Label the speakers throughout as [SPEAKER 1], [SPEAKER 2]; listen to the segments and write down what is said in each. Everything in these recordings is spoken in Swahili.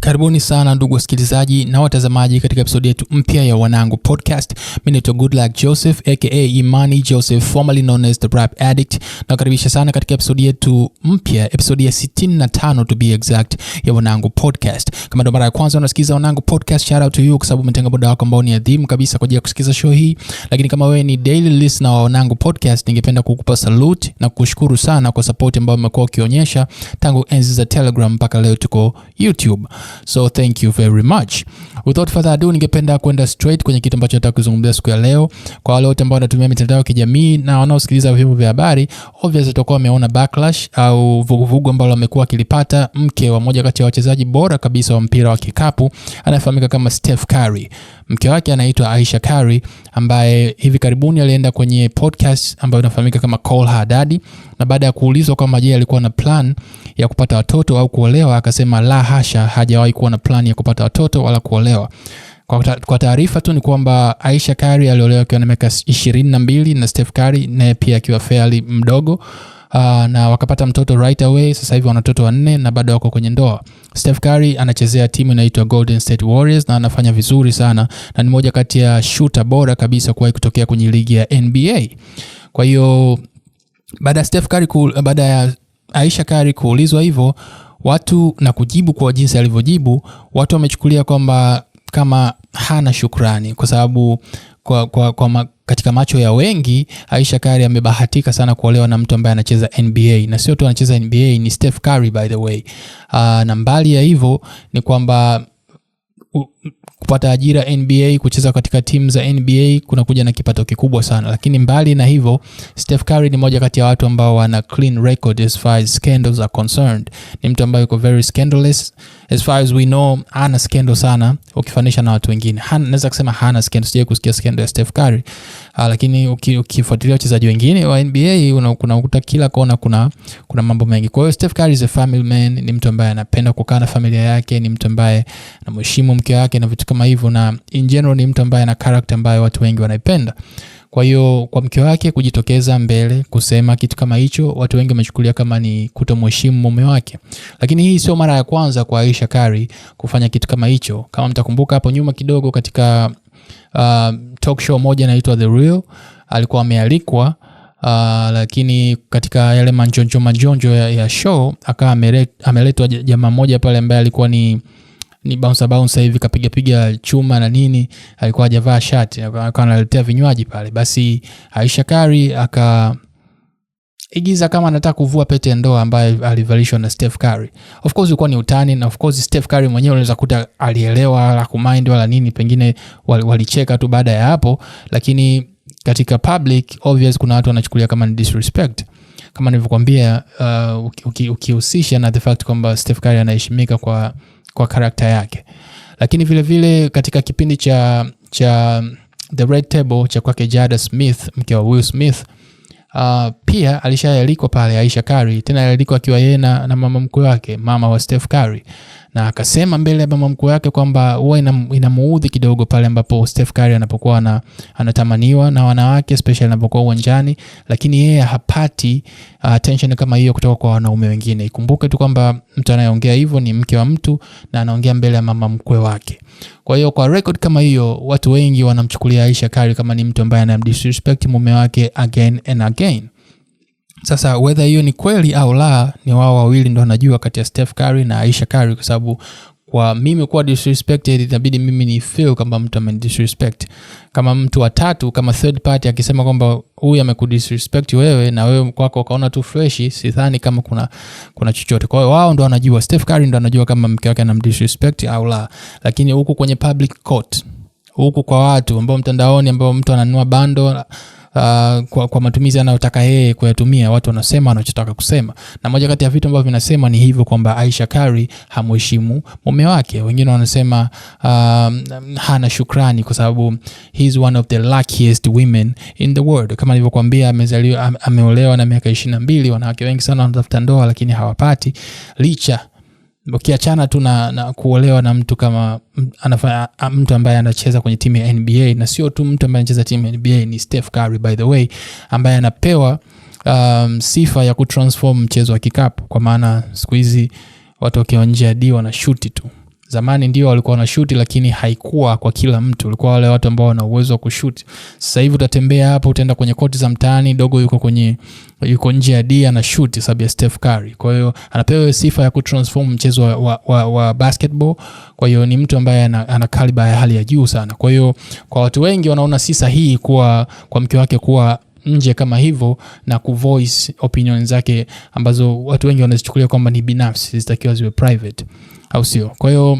[SPEAKER 1] Karibuni sana ndugu wasikilizaji na watazamaji katika episodi yetu mpya ya Wanangu Podcast. Mimi naitwa Goodluck Joseph aka Imani Joseph formerly known as the Rap Addict. Nakaribisha sana katika episodi yetu mpya, episodi ya 65 to be exact ya Wanangu Podcast. Kama ndo mara ya kwanza unasikiliza Wanangu Podcast, shout out to you kwa sababu umetenga muda wako ambao ni adhimu kabisa kwa ajili ya kusikiliza show hii. Lakini kama wewe ni daily listener wa Wanangu Podcast, ningependa kukupa salute na kushukuru sana kwa support ambayo umekuwa ukionyesha tangu enzi za Telegram mpaka leo tuko YouTube. So thank you very much. Without further ado, ningependa kwenda straight kwenye kitu ambacho nataka kuzungumzia siku ya leo. Kwa wale wote ambao wanatumia mitandao ya kijamii na wanaosikiliza vyombo vya habari, obviously tutakuwa wameona backlash au vuguvugu ambalo amekuwa akilipata mke wa moja kati ya wachezaji bora kabisa wa mpira wa kikapu anayefahamika kama Steph Curry. Mke wake anaitwa Aisha kari ambaye hivi karibuni alienda kwenye podcast ambayo inafahamika kama Call Her Daddy, na baada ya kuulizwa kwamba je, alikuwa na plan ya kupata watoto au kuolewa, akasema la hasha, hajawahi kuwa na plan ya kupata watoto wala kuolewa. Kwa taarifa tu ni kwamba Aisha kari aliolewa akiwa na miaka ishirini na mbili na Steph kari naye pia akiwa fairly mdogo uh, na wakapata mtoto right away. Sasa hivi wana watoto wanne na bado wako kwenye ndoa. Steph Curry anachezea timu inaitwa Golden State Warriors na anafanya vizuri sana na ni moja kati ya shooter bora kabisa kuwahi kutokea kwenye ligi ya NBA. Kwa hiyo baada ya Steph Curry cool, baada ya Aisha Curry kuulizwa hivyo watu na kujibu kwa jinsi alivyojibu, watu wamechukulia kwamba kama hana shukrani kwa sababu kwa, kwa, kwa ma, katika macho ya wengi Aisha kari amebahatika sana kuolewa na mtu ambaye anacheza NBA na sio tu anacheza NBA, ni Steph Curry by the way. Uh, na mbali ya hivyo ni kwamba kupata ajira nba kucheza katika timu za nba kuna kuja na kipato kikubwa sana lakini mbali na hivyo steph curry ni moja kati ya watu ambao wana clean record as far as scandals are concerned ni mtu ambaye yuko very scandalous as far as we know ana scandal sana ukifanisha na watu wengine naweza kusema hana scandal sijai kusikia scandal ya steph curry uh, lakini ukifuatilia wachezaji wengine wa nba kunakuta kila kona kuna kuna mambo mengi kwa hiyo steph curry is a family man ni mtu ambaye anapenda kukaa na familia yake ni mtu ambaye anamheshimu mke wake yake na vitu kama hivyo, na in general ni mtu ambaye ana character ambayo watu wengi wanaipenda. Kwa hiyo kwa mke wake kujitokeza mbele kusema kitu kama hicho, watu wengi wamechukulia kama ni kutomheshimu mume wake, lakini hii sio mara ya kwanza kwa Aisha kari kufanya kitu kama hicho. Kama mtakumbuka hapo nyuma kidogo, katika uh, talk show moja inaitwa The Real alikuwa amealikwa Uh, lakini katika yale manjonjo manjonjo ya, ya show akawa ameletwa jamaa moja pale ambaye alikuwa ni ni bouncer bouncer hivi kapiga piga chuma na nini, alikuwa hajavaa shati, alikuwa analetea vinywaji pale. Basi Aisha Kari aka igiza kama anataka kuvua pete ya ndoa ambayo alivalishwa na Steph Curry. Of course ilikuwa ni utani na of course Steph Curry mwenyewe unaweza kuta alielewa la kumind wala nini, pengine walicheka tu baada ya hapo, lakini katika public obvious, kuna watu wanachukulia kama ni disrespect kama nilivyokuambia, uh, ukihusisha uki, uki na the fact kwamba Steph Curry anaheshimika kwa kwa karakta yake, lakini vilevile vile katika kipindi cha cha The Red Table cha kwake Jada Smith, mke wa Will Smith, uh, pia alishaalikwa pale Aisha kari tena alialikwa akiwa yeye na mama mkwe wake, mama wa Steph kari na akasema mbele ya mama mkwe wake kwamba huwa inamuudhi kidogo pale ambapo Steph Curry anapokuwa anatamaniwa na wanawake especially anapokuwa uwanjani, lakini yeye hapati uh, attention kama hiyo kutoka kwa wanaume wengine. Ikumbuke tu kwamba mtu anayeongea hivyo ni mke wa mtu na anaongea mbele ya mama mkwe wake. Kwa hiyo kwa record kama hiyo, watu wengi wanamchukulia Aisha Curry kama ni mtu ambaye anamdisrespect mume wake again and again. Sasa whether hiyo ni kweli au la, ni wao wawili ndo wanajua kati ya Steph Curry na Aisha Curry, kwa sababu kwa mimi kuwa disrespected inabidi mimi ni feel kama mtu amenidisrespect. Kama mtu wa tatu, kama third party akisema kwamba huyu amekudisrespect wewe na wewe kwako ukaona tu fresh, sidhani kama kuna kuna chochote. Kwa hiyo wao ndo wanajua, Steph Curry ndo anajua kama mke wake anamdisrespect au la, lakini huku kwenye public court, huku kwa watu ambao mtandaoni, ambao mtu ananua bando uh, kwa, kwa matumizi anayotaka yeye kuyatumia, watu wanasema wanachotaka kusema. Na moja kati ya vitu ambavyo vinasema ni hivyo kwamba Aisha Kari hamuheshimu mume wake. Wengine wanasema uh, hana shukrani kwa sababu he's one of the luckiest women in the world. Kama nilivyokuambia, amezaliwa ameolewa na miaka 22. Wanawake wengi sana wanatafuta ndoa lakini hawapati licha ukiachana tu na, na kuolewa na mtu kama anafanya, mtu ambaye anacheza kwenye timu ya NBA na sio tu mtu ambaye anacheza timu ya NBA ni Steph Curry by the way, ambaye anapewa um, sifa ya kutransform mchezo wa kikapu, kwa maana siku hizi watu wakiwa nje ya D wanashuti tu Zamani ndio walikuwa na shuti lakini haikuwa kwa kila mtu, ulikuwa wale watu ambao wana uwezo wa kushuti. Sasa hivi utatembea hapo, utaenda kwenye koti za mtaani, dogo yuko kwenye yuko nje ya dia na shuti sababu ya Steph Curry. Kwa hiyo anapewa sifa ya kutransform mchezo wa, wa, wa, wa basketball. Kwa hiyo ni mtu ambaye ana, ana kaliba ya hali ya juu sana. Kwa hiyo kwa watu wengi wanaona si sahihi kuwa kwa mke wake kuwa nje kama hivyo na kuvoice opinion zake ambazo watu wengi wanazichukulia kwamba ni binafsi, zitakiwa ziwe private au sio? Kwa hiyo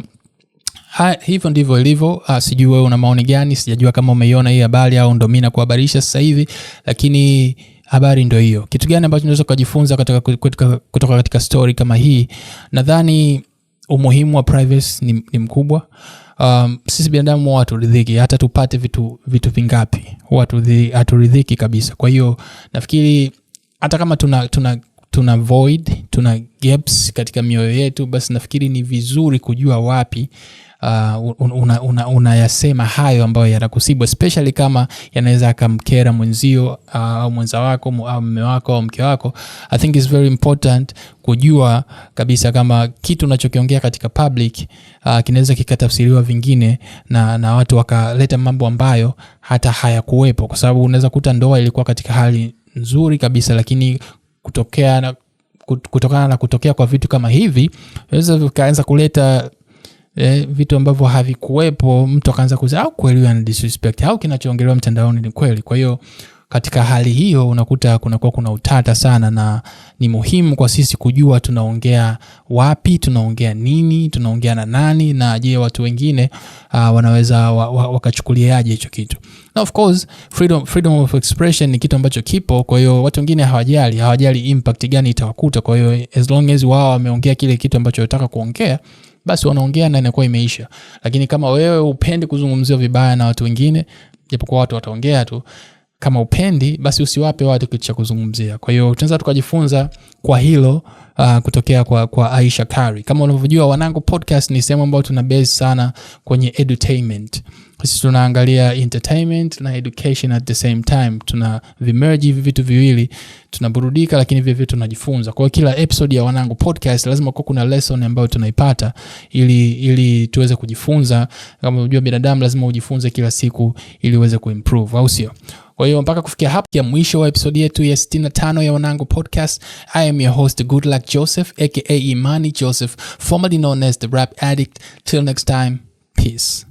[SPEAKER 1] hivyo ndivyo ilivyo. Sijui wewe una maoni gani? Sijajua kama umeiona hii habari au ndo mimi nakuhabarisha sasa hivi, lakini habari ndo hiyo. Kitu gani ambacho unaweza kujifunza kutoka, kutoka, kutoka katika story kama hii? Nadhani umuhimu wa privacy ni, ni mkubwa. Um, sisi binadamu huwa haturidhiki hata tupate vitu vitu vingapi, huwa haturidhiki kabisa. Kwa hiyo nafikiri hata kama tuna, tuna tuna void tuna gaps katika mioyo yetu basi nafikiri ni vizuri kujua wapi uh, unayasema una, una hayo ambayo yanakusibu especially kama yanaweza akamkera mwenzio uh, au uh, mwenza wako au mme wako au mke wako i think its very important kujua kabisa kama kitu unachokiongea katika public uh, kinaweza kikatafsiriwa vingine na, na watu wakaleta mambo ambayo hata hayakuwepo kwa sababu unaweza kuta ndoa ilikuwa katika hali nzuri kabisa lakini kutokea na kutokana na kutokea kwa vitu kama hivi vinaweza vikaanza kuleta eh, vitu ambavyo havikuwepo mtu akaanza kuza au kweli ana disrespect au kinachoongelewa mtandaoni ni kweli kwa hiyo katika hali hiyo unakuta kunakuwa kuna utata sana, na ni muhimu kwa sisi kujua tunaongea wapi, tunaongea nini, tunaongea na nani, na je, watu wengine uh, wanaweza wa, wa, wakachukuliaje hicho kitu. Na of course freedom, freedom of expression ni kitu ambacho kipo, kwa hiyo watu wengine hawajali, hawajali impact gani itawakuta. Kwa hiyo as long as wao wameongea kile kitu ambacho wanataka kuongea basi wanaongea na inakuwa imeisha. Lakini kama wewe upendi kuzungumziwa vibaya na watu wengine, japokuwa watu wataongea tu kama upendi basi usiwape watu kitu cha kuzungumzia. Kwa hiyo tunaweza tukajifunza kwa hilo uh, kutokea kwa, kwa Aisha Kari. Kama unavyojua, Wanangu Podcast ni sehemu ambayo tuna base sana kwenye edutainment. Sisi tunaangalia entertainment na education at the same time, tuna vimerge hivi vitu viwili, tunaburudika lakini vile vile tunajifunza. Kwa kila episode ya Wanangu Podcast lazima kuwa kuna lesson ambayo tunaipata ili, ili tuweze kujifunza. Kama unajua binadamu lazima ujifunze kila siku ili uweze kuimprove, au sio? Kwa hiyo mpaka kufikia hapo ya mwisho wa episodi yetu ya 65 ya Wanangu Podcast, I am your host Goodluck Joseph aka Imani Joseph, formerly known as the Rap Addict. Till next time, peace.